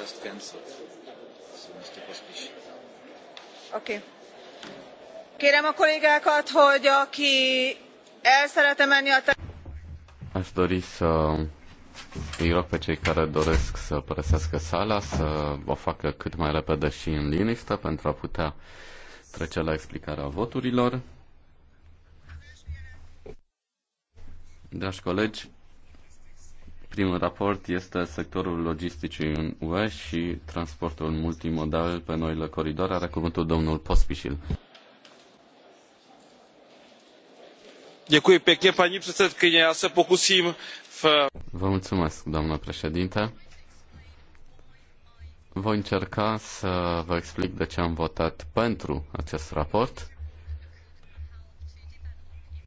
just cancelled. Okay. Kérem a kollégákat, hogy aki el szeretne menni a Aș dori să îi rog pe cei care doresc să părăsească sala să o facă cât mai repede și în liniște pentru a putea trece la explicarea voturilor. Dragi colegi, Primul raport este sectorul logisticii în UE și transportul multimodal pe noile coridoare. Are cuvântul domnul Pospișil. se Vă mulțumesc, doamnă președinte. Voi încerca să vă explic de ce am votat pentru acest raport